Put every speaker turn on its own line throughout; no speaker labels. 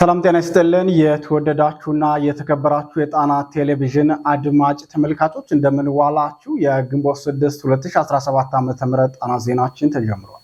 ሰላም ጤና ይስጥልን። የተወደዳችሁና የተከበራችሁ የጣና ቴሌቪዥን አድማጭ ተመልካቾች እንደምንዋላችሁ። የግንቦት 6 2017 ዓ ም ጣና ዜናችን ተጀምሯል።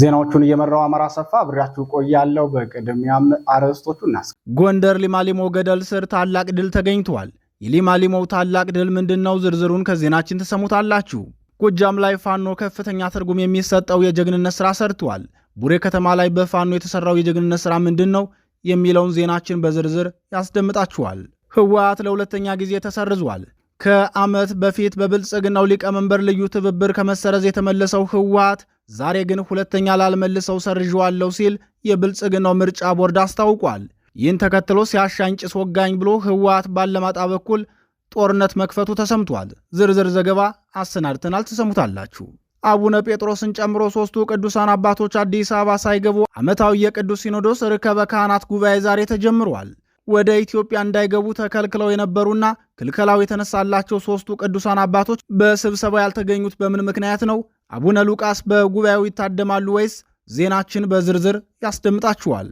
ዜናዎቹን እየመራው አማራ ሰፋ አብሬያችሁ ቆያለሁ። በቅድሚያም አርዕስቶቹ እናስ
ጎንደር ሊማሊሞ ገደል ስር ታላቅ ድል ተገኝቷል። የሊማሊሞው ታላቅ ድል ምንድን ነው? ዝርዝሩን ከዜናችን ትሰሙታላችሁ። ጎጃም ላይ ፋኖ ከፍተኛ ትርጉም የሚሰጠው የጀግንነት ስራ ሰርቷል። ቡሬ ከተማ ላይ በፋኖ የተሰራው የጀግንነት ስራ ምንድን ነው? የሚለውን ዜናችን በዝርዝር ያስደምጣችኋል። ህወሓት ለሁለተኛ ጊዜ ተሰርዟል። ከዓመት በፊት በብልጽግናው ሊቀመንበር ልዩ ትብብር ከመሰረዝ የተመለሰው ህወሓት ዛሬ ግን ሁለተኛ ላልመልሰው ሰርዤዋለሁ ሲል የብልጽግናው ምርጫ ቦርድ አስታውቋል። ይህን ተከትሎ ሲያሻኝ ጭስ ወጋኝ ብሎ ህወሓት ባለማጣ በኩል ጦርነት መክፈቱ ተሰምቷል። ዝርዝር ዘገባ አሰናድተናል፣ ትሰሙታላችሁ። አቡነ ጴጥሮስን ጨምሮ ሶስቱ ቅዱሳን አባቶች አዲስ አበባ ሳይገቡ ዓመታዊ የቅዱስ ሲኖዶስ ርከበ ካህናት ጉባኤ ዛሬ ተጀምሯል። ወደ ኢትዮጵያ እንዳይገቡ ተከልክለው የነበሩና ክልከላው የተነሳላቸው ሶስቱ ቅዱሳን አባቶች በስብሰባው ያልተገኙት በምን ምክንያት ነው? አቡነ ሉቃስ በጉባኤው ይታደማሉ ወይስ? ዜናችን በዝርዝር ያስደምጣችኋል።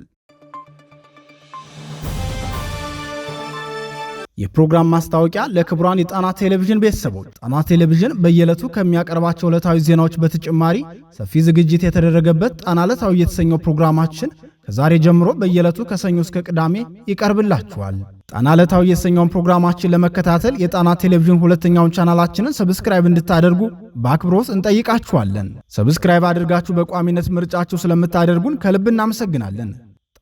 የፕሮግራም ማስታወቂያ ለክቡራን የጣና ቴሌቪዥን ቤተሰቦች፣ ጣና ቴሌቪዥን በየዕለቱ ከሚያቀርባቸው ዕለታዊ ዜናዎች በተጨማሪ ሰፊ ዝግጅት የተደረገበት ጣና ዕለታዊ የተሰኘው ፕሮግራማችን ከዛሬ ጀምሮ በየዕለቱ ከሰኞ እስከ ቅዳሜ ይቀርብላችኋል። ጣና ዕለታዊ የተሰኘውን ፕሮግራማችን ለመከታተል የጣና ቴሌቪዥን ሁለተኛውን ቻናላችንን ሰብስክራይብ እንድታደርጉ በአክብሮት እንጠይቃችኋለን። ሰብስክራይብ አድርጋችሁ በቋሚነት ምርጫችሁ ስለምታደርጉን ከልብ እናመሰግናለን።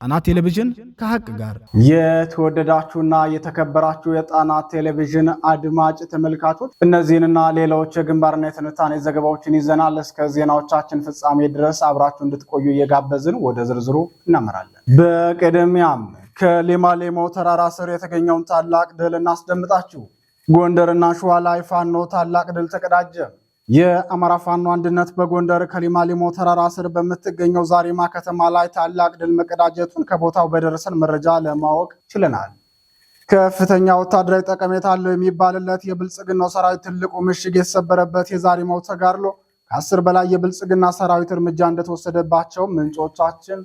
ጣና ቴሌቪዥን ከሀቅ ጋር።
የተወደዳችሁና የተከበራችሁ የጣና ቴሌቪዥን አድማጭ ተመልካቾች እነዚህንና ሌሎች የግንባርና የትንታኔ ዘገባዎችን ይዘናል። እስከ ዜናዎቻችን ፍጻሜ ድረስ አብራችሁ እንድትቆዩ እየጋበዝን ወደ ዝርዝሩ እናመራለን። በቅድሚያም ከሌማሌሞ ተራራ ስር የተገኘውን ታላቅ ድል እናስደምጣችሁ። ጎንደርና ሸዋ ላይ ፋኖ ታላቅ ድል ተቀዳጀ። የአማራ ፋኖ አንድነት በጎንደር ከሊማ ሊሞ ተራራ ስር በምትገኘው ዛሪማ ከተማ ላይ ታላቅ ድል መቀዳጀቱን ከቦታው በደረሰን መረጃ ለማወቅ ችለናል። ከፍተኛ ወታደራዊ ጠቀሜታ አለው የሚባልለት የብልጽግናው ሰራዊት ትልቁ ምሽግ የተሰበረበት የዛሪማው ተጋድሎ ከአስር በላይ የብልጽግና ሰራዊት እርምጃ እንደተወሰደባቸው ምንጮቻችን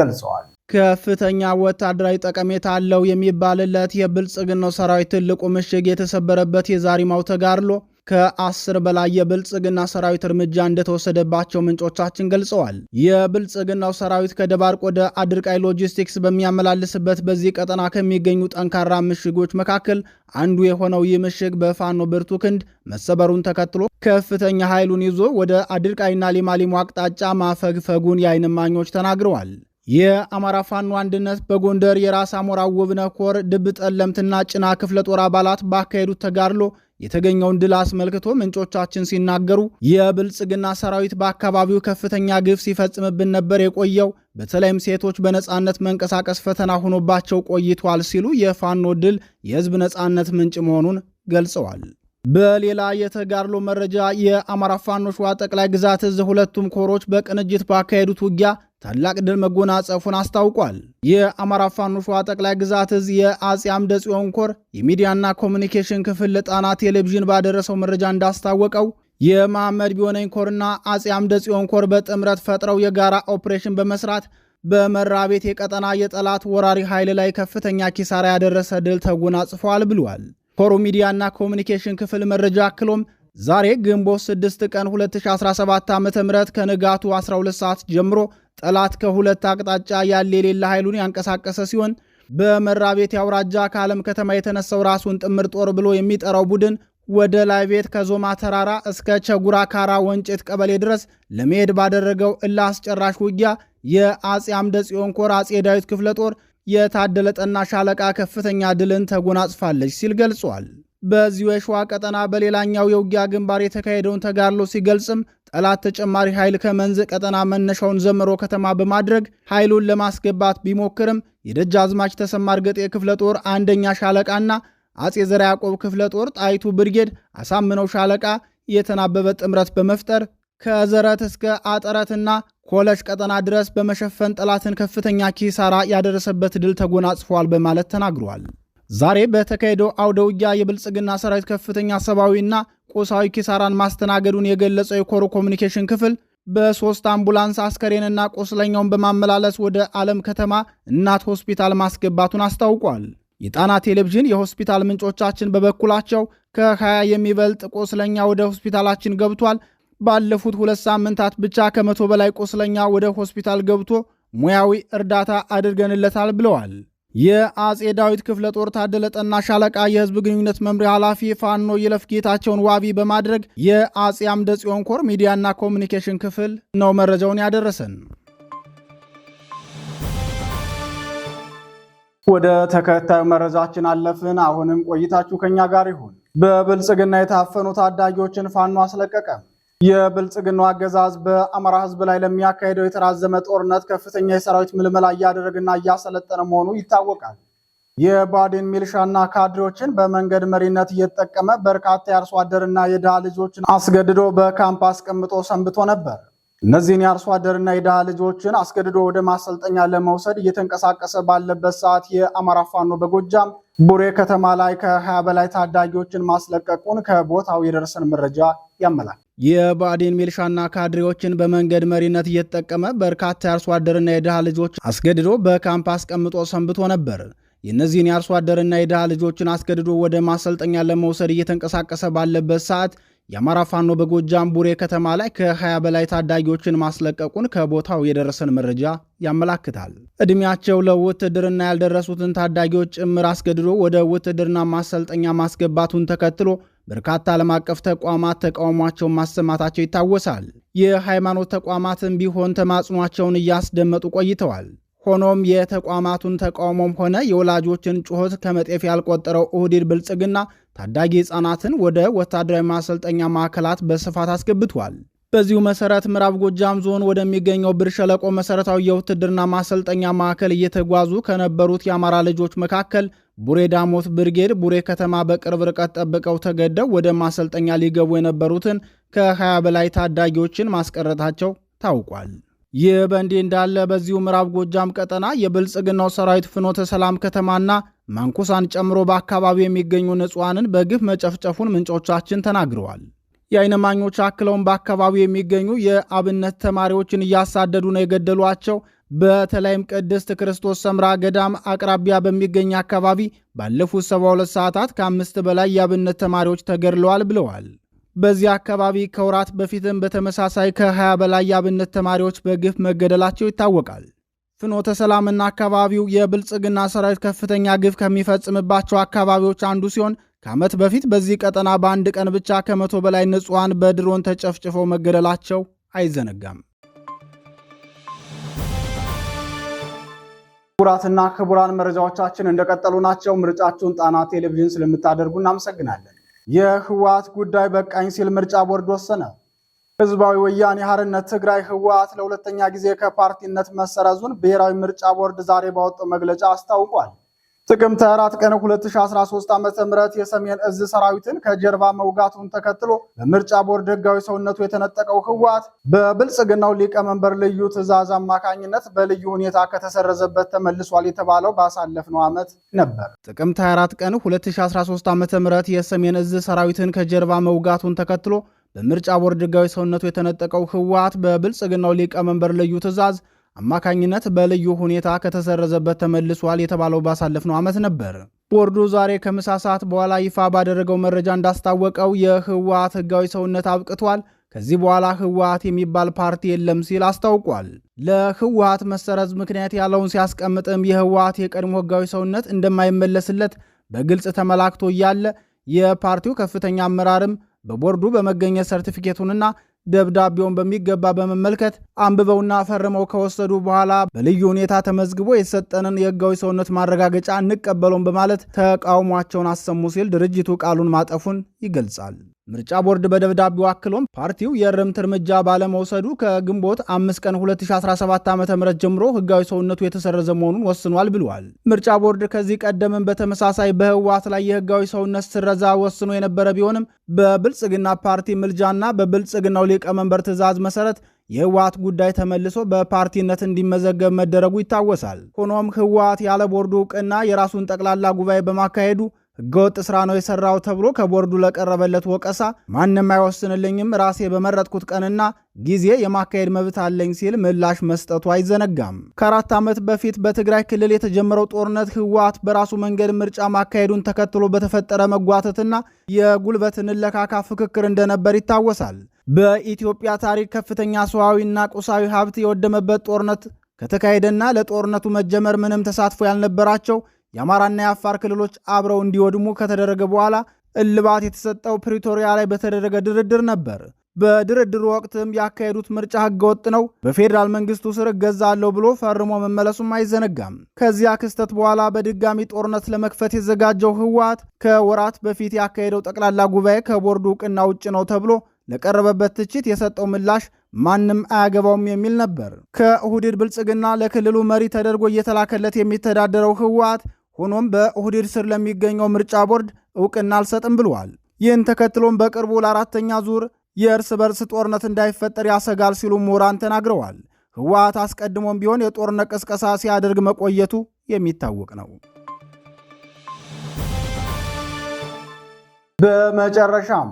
ገልጸዋል።
ከፍተኛ ወታደራዊ ጠቀሜታ አለው የሚባልለት የብልጽግናው ሰራዊት ትልቁ ምሽግ የተሰበረበት የዛሪማው ተጋድሎ ከአስር በላይ የብልጽግና ሰራዊት እርምጃ እንደተወሰደባቸው ምንጮቻችን ገልጸዋል። የብልጽግናው ሰራዊት ከደባርቅ ወደ አድርቃይ ሎጂስቲክስ በሚያመላልስበት በዚህ ቀጠና ከሚገኙ ጠንካራ ምሽጎች መካከል አንዱ የሆነው ይህ ምሽግ በፋኖ ብርቱ ክንድ መሰበሩን ተከትሎ ከፍተኛ ኃይሉን ይዞ ወደ አድርቃይና ሊማሊሞ አቅጣጫ ማፈግፈጉን የአይን እማኞች ተናግረዋል። የአማራ ፋኖ አንድነት በጎንደር የራስ አሞራ ውብነ ኮር ድብ ጠለምትና ጭና ክፍለ ጦር አባላት ባካሄዱት ተጋድሎ የተገኘውን ድል አስመልክቶ ምንጮቻችን ሲናገሩ የብልጽግና ሰራዊት በአካባቢው ከፍተኛ ግፍ ሲፈጽምብን ነበር የቆየው፣ በተለይም ሴቶች በነፃነት መንቀሳቀስ ፈተና ሆኖባቸው ቆይቷል ሲሉ የፋኖ ድል የህዝብ ነፃነት ምንጭ መሆኑን ገልጸዋል። በሌላ የተጋድሎ መረጃ የአማራ ፋኖ ሸዋ ጠቅላይ ግዛት እዝ ሁለቱም ኮሮች በቅንጅት ባካሄዱት ውጊያ ታላቅ ድል መጎናጸፉን አስታውቋል። የአማራ ፋኖ ሸዋ ጠቅላይ ግዛት እዝ የአጼ አምደ ጽዮን ኮር የሚዲያና ኮሚኒኬሽን ክፍል ለጣና ቴሌቪዥን ባደረሰው መረጃ እንዳስታወቀው የመሐመድ ቢሆነኝ ኮርና አጼ አምደ ጽዮን ኮር በጥምረት ፈጥረው የጋራ ኦፕሬሽን በመስራት ቤት የቀጠና የጠላት ወራሪ ኃይል ላይ ከፍተኛ ኪሳራ ያደረሰ ድል ተጎናጽፏል ብሏል። ኮሩ ሚዲያና ኮሚኒኬሽን ክፍል መረጃ አክሎም ዛሬ ግንቦት 6 ቀን 2017 ዓ ም ከንጋቱ 12 ሰዓት ጀምሮ ጠላት ከሁለት አቅጣጫ ያለ የሌለ ኃይሉን ያንቀሳቀሰ ሲሆን ቤት አውራጃ ከዓለም ከተማ የተነሳው ራሱን ጥምር ጦር ብሎ የሚጠራው ቡድን ወደ ላይቤት ከዞማ ተራራ እስከ ቸጉራ ካራ ወንጭት ቀበሌ ድረስ ለመሄድ ባደረገው እልህ አስጨራሽ ውጊያ የአጼ አምደ ጽዮን ኮር አጼ ዳዊት ክፍለ ጦር የታደለ ጠና ሻለቃ ከፍተኛ ድልን ተጎናጽፋለች ሲል ገልጿል። በዚሁ የሸዋ ቀጠና በሌላኛው የውጊያ ግንባር የተካሄደውን ተጋድሎ ሲገልጽም ጠላት ተጨማሪ ኃይል ከመንዝ ቀጠና መነሻውን ዘምሮ ከተማ በማድረግ ኃይሉን ለማስገባት ቢሞክርም አዝማች ተሰማ እርገጤ ክፍለ ጦር አንደኛ ሻለቃና አጼ ዘርዓ ያዕቆብ ክፍለ ጦር ጣይቱ ብርጌድ አሳምነው ሻለቃ የተናበበ ጥምረት በመፍጠር ከዘረት እስከ አጠረትና ኮለሽ ቀጠና ድረስ በመሸፈን ጠላትን ከፍተኛ ኪሳራ ያደረሰበት ድል ተጎናጽፏል በማለት ተናግሯል። ዛሬ በተካሄደው አውደ ውጊያ የብልጽግና ሰራዊት ከፍተኛ ሰብአዊና ቁሳዊ ኪሳራን ማስተናገዱን የገለጸው የኮሩ ኮሚኒኬሽን ክፍል በሶስት አምቡላንስ አስከሬንና ቁስለኛውን በማመላለስ ወደ ዓለም ከተማ እናት ሆስፒታል ማስገባቱን አስታውቋል። የጣና ቴሌቪዥን የሆስፒታል ምንጮቻችን በበኩላቸው ከ20 የሚበልጥ ቁስለኛ ወደ ሆስፒታላችን ገብቷል። ባለፉት ሁለት ሳምንታት ብቻ ከመቶ በላይ ቁስለኛ ወደ ሆስፒታል ገብቶ ሙያዊ እርዳታ አድርገንለታል ብለዋል። የአጼ ዳዊት ክፍለ ጦር ታደለ ጠና ሻለቃ የህዝብ ግንኙነት መምሪያ ኃላፊ ፋኖ ይለፍ ጌታቸውን ዋቢ በማድረግ የአጼ አምደ ጽዮን ኮር ሚዲያና ኮሚኒኬሽን ክፍል ነው መረጃውን ያደረሰን።
ወደ ተከታዩ መረጃችን አለፍን። አሁንም ቆይታችሁ ከኛ ጋር ይሁን። በብልጽግና የታፈኑ ታዳጊዎችን ፋኖ አስለቀቀ። የብልጽግናው አገዛዝ በአማራ ህዝብ ላይ ለሚያካሄደው የተራዘመ ጦርነት ከፍተኛ የሰራዊት ምልመላ እያደረገና እያሰለጠነ መሆኑ ይታወቃል። የባዴን ሚልሻና ካድሬዎችን በመንገድ መሪነት እየተጠቀመ በርካታ የአርሶ አደርና የድሃ ልጆችን አስገድዶ በካምፕ አስቀምጦ ሰንብቶ ነበር። እነዚህን የአርሶ አደርና የድሃ ልጆችን አስገድዶ ወደ ማሰልጠኛ ለመውሰድ እየተንቀሳቀሰ ባለበት ሰዓት የአማራ ፋኖ በጎጃም ቡሬ ከተማ ላይ ከ20 በላይ ታዳጊዎችን ማስለቀቁን ከቦታው የደረሰን መረጃ ያመላል።
የባዴን ሚልሻና ካድሬዎችን በመንገድ መሪነት እየተጠቀመ በርካታ የአርሶ አደርና የድሃ ልጆች አስገድዶ በካምፕ አስቀምጦ ሰንብቶ ነበር። የእነዚህን የአርሶ አደርና የድሃ ልጆችን አስገድዶ ወደ ማሰልጠኛ ለመውሰድ እየተንቀሳቀሰ ባለበት ሰዓት የአማራ ፋኖ በጎጃም ቡሬ ከተማ ላይ ከ20 በላይ ታዳጊዎችን ማስለቀቁን ከቦታው የደረሰን መረጃ ያመላክታል። እድሜያቸው ለውትድርና ያልደረሱትን ታዳጊዎች ጭምር አስገድዶ ወደ ውትድርና ማሰልጠኛ ማስገባቱን ተከትሎ በርካታ ዓለም አቀፍ ተቋማት ተቃውሟቸውን ማሰማታቸው ይታወሳል። የሃይማኖት ተቋማትም ቢሆን ተማጽኗቸውን እያስደመጡ ቆይተዋል። ሆኖም የተቋማቱን ተቃውሞም ሆነ የወላጆችን ጩኸት ከመጤፍ ያልቆጠረው ኦህዴድ ብልጽግና ታዳጊ ሕፃናትን ወደ ወታደራዊ ማሰልጠኛ ማዕከላት በስፋት አስገብቷል። በዚሁ መሰረት ምዕራብ ጎጃም ዞን ወደሚገኘው ብር ሸለቆ መሰረታዊ የውትድርና ማሰልጠኛ ማዕከል እየተጓዙ ከነበሩት የአማራ ልጆች መካከል ቡሬ ዳሞት ብርጌድ ቡሬ ከተማ በቅርብ ርቀት ጠብቀው ተገደው ወደ ማሰልጠኛ ሊገቡ የነበሩትን ከ20 በላይ ታዳጊዎችን ማስቀረታቸው ታውቋል። ይህ በእንዲህ እንዳለ በዚሁ ምዕራብ ጎጃም ቀጠና የብልጽግናው ሰራዊት ፍኖተ ሰላም ከተማና መንኩሳን ጨምሮ በአካባቢው የሚገኙ ንጹሐንን በግፍ መጨፍጨፉን ምንጮቻችን ተናግረዋል። የአይን እማኞች አክለውን በአካባቢው የሚገኙ የአብነት ተማሪዎችን እያሳደዱ ነው የገደሏቸው። በተለይም ቅድስት ክርስቶስ ሰምራ ገዳም አቅራቢያ በሚገኝ አካባቢ ባለፉት 72 ሰዓታት ከአምስት በላይ የአብነት ተማሪዎች ተገድለዋል ብለዋል። በዚህ አካባቢ ከወራት በፊትም በተመሳሳይ ከ20 በላይ የአብነት ተማሪዎች በግፍ መገደላቸው ይታወቃል። ፍኖተ ሰላምና አካባቢው የብልጽግና ሰራዊት ከፍተኛ ግፍ ከሚፈጽምባቸው አካባቢዎች አንዱ ሲሆን ከዓመት በፊት በዚህ ቀጠና በአንድ ቀን ብቻ ከመቶ በላይ ንጹሐን በድሮን ተጨፍጭፈው መገደላቸው አይዘነጋም።
ክቡራትና ክቡራን መረጃዎቻችን እንደቀጠሉ ናቸው። ምርጫችሁን ጣና ቴሌቪዥን ስለምታደርጉ እናመሰግናለን። የህወሓት ጉዳይ በቃኝ ሲል ምርጫ ቦርድ ወሰነ። ህዝባዊ ወያኔ ሓርነት ትግራይ ህወሓት ለሁለተኛ ጊዜ ከፓርቲነት መሰረዙን ብሔራዊ ምርጫ ቦርድ ዛሬ ባወጣው መግለጫ አስታውቋል። ጥቅምት አራት ቀን 2013 ዓ.ም የሰሜን እዝ ሰራዊትን ከጀርባ መውጋቱን ተከትሎ በምርጫ ቦርድ ህጋዊ ሰውነቱ የተነጠቀው ህወሓት በብልጽግናው ሊቀመንበር ልዩ ትዕዛዝ አማካኝነት በልዩ ሁኔታ ከተሰረዘበት ተመልሷል የተባለው ባሳለፍነው ዓመት ነበር።
ጥቅምት 24 ቀን 2013 ዓ.ም የሰሜን እዝ ሰራዊትን ከጀርባ መውጋቱን ተከትሎ በምርጫ ቦርድ ህጋዊ ሰውነቱ የተነጠቀው ህወሓት በብልጽግናው ሊቀመንበር ልዩ ትዕዛዝ አማካኝነት በልዩ ሁኔታ ከተሰረዘበት ተመልሷል የተባለው ባሳለፍነው ዓመት ነበር። ቦርዱ ዛሬ ከምሳ ሰዓት በኋላ ይፋ ባደረገው መረጃ እንዳስታወቀው የህወሓት ህጋዊ ሰውነት አብቅቷል፣ ከዚህ በኋላ ህወሓት የሚባል ፓርቲ የለም ሲል አስታውቋል። ለህወሓት መሰረዝ ምክንያት ያለውን ሲያስቀምጥም የህወሓት የቀድሞ ህጋዊ ሰውነት እንደማይመለስለት በግልጽ ተመላክቶ እያለ የፓርቲው ከፍተኛ አመራርም በቦርዱ በመገኘት ሰርቲፊኬቱንና ደብዳቤውን በሚገባ በመመልከት አንብበውና ፈርመው ከወሰዱ በኋላ በልዩ ሁኔታ ተመዝግቦ የተሰጠንን የህጋዊ ሰውነት ማረጋገጫ እንቀበለውን በማለት ተቃውሟቸውን አሰሙ ሲል ድርጅቱ ቃሉን ማጠፉን ይገልጻል። ምርጫ ቦርድ በደብዳቤው አክሎም ፓርቲው የእርምት እርምጃ ባለመውሰዱ ከግንቦት አምስት ቀን 2017 ዓ ም ጀምሮ ህጋዊ ሰውነቱ የተሰረዘ መሆኑን ወስኗል ብለዋል። ምርጫ ቦርድ ከዚህ ቀደምም በተመሳሳይ በህወሓት ላይ የህጋዊ ሰውነት ስረዛ ወስኖ የነበረ ቢሆንም በብልጽግና ፓርቲ ምልጃና በብልጽግናው ሊቀመንበር ትዕዛዝ መሰረት የህወሓት ጉዳይ ተመልሶ በፓርቲነት እንዲመዘገብ መደረጉ ይታወሳል። ሆኖም ህወሓት ያለ ቦርዱ እውቅና የራሱን ጠቅላላ ጉባኤ በማካሄዱ ህገወጥ ስራ ነው የሰራው ተብሎ ከቦርዱ ለቀረበለት ወቀሳ ማንም አይወስንልኝም ራሴ በመረጥኩት ቀንና ጊዜ የማካሄድ መብት አለኝ ሲል ምላሽ መስጠቱ አይዘነጋም። ከአራት ዓመት በፊት በትግራይ ክልል የተጀመረው ጦርነት ህወሓት በራሱ መንገድ ምርጫ ማካሄዱን ተከትሎ በተፈጠረ መጓተትና የጉልበት ንለካካ ፍክክር እንደነበር ይታወሳል። በኢትዮጵያ ታሪክ ከፍተኛ ሰዋዊና ቁሳዊ ሀብት የወደመበት ጦርነት ከተካሄደና ለጦርነቱ መጀመር ምንም ተሳትፎ ያልነበራቸው የአማራና የአፋር ክልሎች አብረው እንዲወድሙ ከተደረገ በኋላ እልባት የተሰጠው ፕሪቶሪያ ላይ በተደረገ ድርድር ነበር። በድርድሩ ወቅትም ያካሄዱት ምርጫ ህገወጥ ነው፣ በፌዴራል መንግስቱ ስር እገዛለሁ ብሎ ፈርሞ መመለሱም አይዘነጋም። ከዚያ ክስተት በኋላ በድጋሚ ጦርነት ለመክፈት የዘጋጀው ህወሓት ከወራት በፊት ያካሄደው ጠቅላላ ጉባኤ ከቦርዱ እውቅና ውጭ ነው ተብሎ ለቀረበበት ትችት የሰጠው ምላሽ ማንም አያገባውም የሚል ነበር። ከእሁድድ ብልጽግና ለክልሉ መሪ ተደርጎ እየተላከለት የሚተዳደረው ህወሓት ሆኖም በኦህዴድ ስር ለሚገኘው ምርጫ ቦርድ እውቅና አልሰጥም ብለዋል። ይህን ተከትሎም በቅርቡ ለአራተኛ ዙር የእርስ በርስ ጦርነት እንዳይፈጠር ያሰጋል ሲሉ ምሁራን ተናግረዋል። ህወሓት አስቀድሞም ቢሆን የጦርነት ቅስቀሳ ሲያደርግ መቆየቱ የሚታወቅ ነው።
በመጨረሻም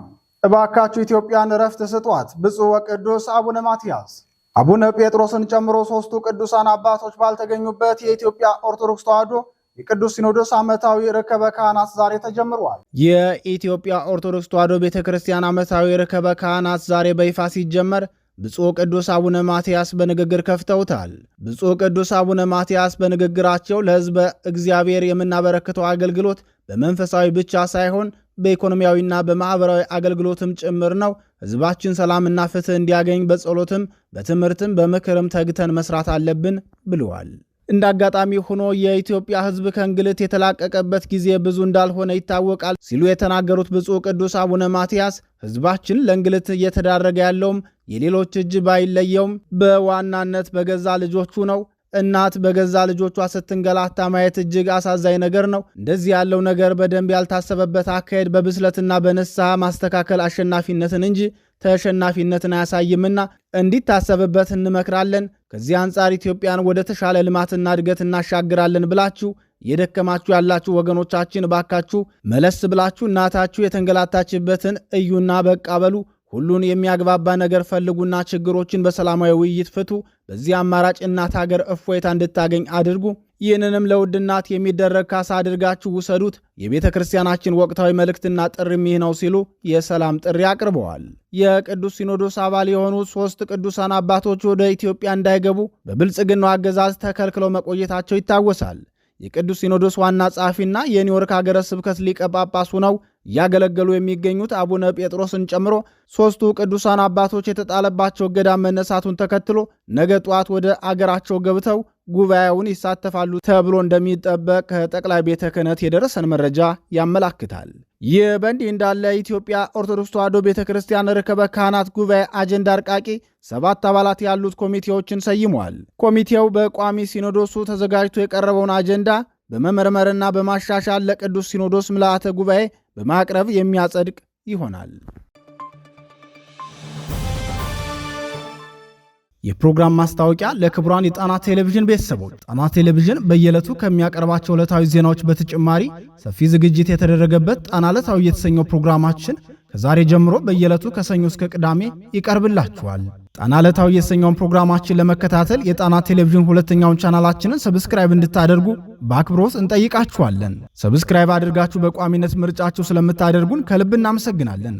እባካችሁ ኢትዮጵያን እረፍት ስጧት፣ ብፁዕ ወቅዱስ አቡነ ማትያስ አቡነ ጴጥሮስን ጨምሮ ሦስቱ ቅዱሳን አባቶች ባልተገኙበት የኢትዮጵያ ኦርቶዶክስ ተዋሕዶ የቅዱስ ሲኖዶስ ዓመታዊ ርክበ ካህናት ዛሬ ተጀምሯል።
የኢትዮጵያ ኦርቶዶክስ ተዋሕዶ ቤተ ክርስቲያን ዓመታዊ ርክበ ካህናት ዛሬ በይፋ ሲጀመር ብፁዕ ቅዱስ አቡነ ማትያስ በንግግር ከፍተውታል። ብፁዕ ቅዱስ አቡነ ማትያስ በንግግራቸው ለሕዝበ እግዚአብሔር የምናበረክተው አገልግሎት በመንፈሳዊ ብቻ ሳይሆን በኢኮኖሚያዊና በማኅበራዊ አገልግሎትም ጭምር ነው። ሕዝባችን ሰላምና ፍትሕ እንዲያገኝ በጸሎትም በትምህርትም በምክርም ተግተን መስራት አለብን ብለዋል። እንደ አጋጣሚ ሆኖ የኢትዮጵያ ሕዝብ ከእንግልት የተላቀቀበት ጊዜ ብዙ እንዳልሆነ ይታወቃል ሲሉ የተናገሩት ብፁዕ ቅዱስ አቡነ ማትያስ ሕዝባችን ለእንግልት እየተዳረገ ያለውም የሌሎች እጅ ባይለየውም በዋናነት በገዛ ልጆቹ ነው እናት በገዛ ልጆቿ ስትንገላታ ማየት እጅግ አሳዛኝ ነገር ነው። እንደዚህ ያለው ነገር በደንብ ያልታሰበበት አካሄድ በብስለትና በንስሐ ማስተካከል አሸናፊነትን እንጂ ተሸናፊነትን አያሳይምና እንዲታሰብበት እንመክራለን። ከዚህ አንጻር ኢትዮጵያን ወደ ተሻለ ልማትና እድገት እናሻግራለን ብላችሁ እየደከማችሁ ያላችሁ ወገኖቻችን እባካችሁ መለስ ብላችሁ እናታችሁ የተንገላታችበትን እዩና በቃ በሉ። ሁሉን የሚያግባባ ነገር ፈልጉና ችግሮችን በሰላማዊ ውይይት ፍቱ። በዚህ አማራጭ እናት ሀገር እፎይታ እንድታገኝ አድርጉ። ይህንንም ለውድ እናት የሚደረግ ካሳ አድርጋችሁ ውሰዱት። የቤተ ክርስቲያናችን ወቅታዊ መልእክትና ጥሪም ይህ ነው ሲሉ የሰላም ጥሪ አቅርበዋል። የቅዱስ ሲኖዶስ አባል የሆኑ ሦስት ቅዱሳን አባቶች ወደ ኢትዮጵያ እንዳይገቡ በብልጽግናው አገዛዝ ተከልክለው መቆየታቸው ይታወሳል። የቅዱስ ሲኖዶስ ዋና ጸሐፊና የኒውዮርክ ሀገረ ስብከት ሊቀ ጳጳሱ ነው። እያገለገሉ የሚገኙት አቡነ ጴጥሮስን ጨምሮ ሦስቱ ቅዱሳን አባቶች የተጣለባቸው ገዳም መነሳቱን ተከትሎ ነገ ጠዋት ወደ አገራቸው ገብተው ጉባኤውን ይሳተፋሉ ተብሎ እንደሚጠበቅ ከጠቅላይ ቤተ ክህነት የደረሰን መረጃ ያመላክታል። ይህ በእንዲህ እንዳለ ኢትዮጵያ ኦርቶዶክስ ተዋሕዶ ቤተ ክርስቲያን ርክበ ካህናት ጉባኤ አጀንዳ አርቃቂ ሰባት አባላት ያሉት ኮሚቴዎችን ሰይሟል። ኮሚቴው በቋሚ ሲኖዶሱ ተዘጋጅቶ የቀረበውን አጀንዳ በመመርመርና በማሻሻል ለቅዱስ ሲኖዶስ ምልአተ ጉባኤ በማቅረብ የሚያጸድቅ ይሆናል። የፕሮግራም ማስታወቂያ ለክቡራን የጣና ቴሌቪዥን ቤተሰቦች፣ ጣና ቴሌቪዥን በየዕለቱ ከሚያቀርባቸው ዕለታዊ ዜናዎች በተጨማሪ ሰፊ ዝግጅት የተደረገበት ጣና ዕለታዊ የተሰኘው ፕሮግራማችን ከዛሬ ጀምሮ በየዕለቱ ከሰኞ እስከ ቅዳሜ ይቀርብላችኋል። ጣና ዕለታዊ የተሰኘውን ፕሮግራማችን ለመከታተል የጣና ቴሌቪዥን ሁለተኛውን ቻናላችንን ሰብስክራይብ እንድታደርጉ በአክብሮት እንጠይቃችኋለን። ሰብስክራይብ አድርጋችሁ በቋሚነት ምርጫችሁ ስለምታደርጉን ከልብ እናመሰግናለን።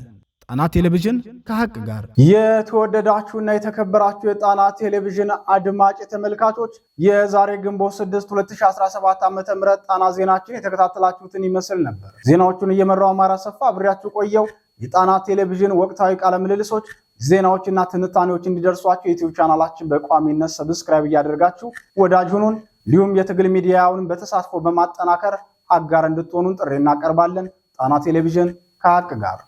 ጣና ቴሌቪዥን ከሀቅ ጋር።
የተወደዳችሁና የተከበራችሁ የጣና ቴሌቪዥን አድማጭ ተመልካቾች የዛሬ ግንቦት 6 2017 ዓ ም ጣና ዜናችን የተከታተላችሁትን ይመስል ነበር። ዜናዎቹን እየመራው አማራ ሰፋ አብሬያችሁ ቆየው። የጣና ቴሌቪዥን ወቅታዊ ቃለ ምልልሶች ዜናዎችና ትንታኔዎች እንዲደርሷችሁ የዩቲዩብ ቻናላችን በቋሚነት ሰብስክራይብ እያደረጋችሁ ወዳጅ ሁኑን። እንዲሁም የትግል ሚዲያውን በተሳትፎ በማጠናከር አጋር እንድትሆኑን ጥሪ እናቀርባለን። ጣና ቴሌቪዥን ከሀቅ ጋር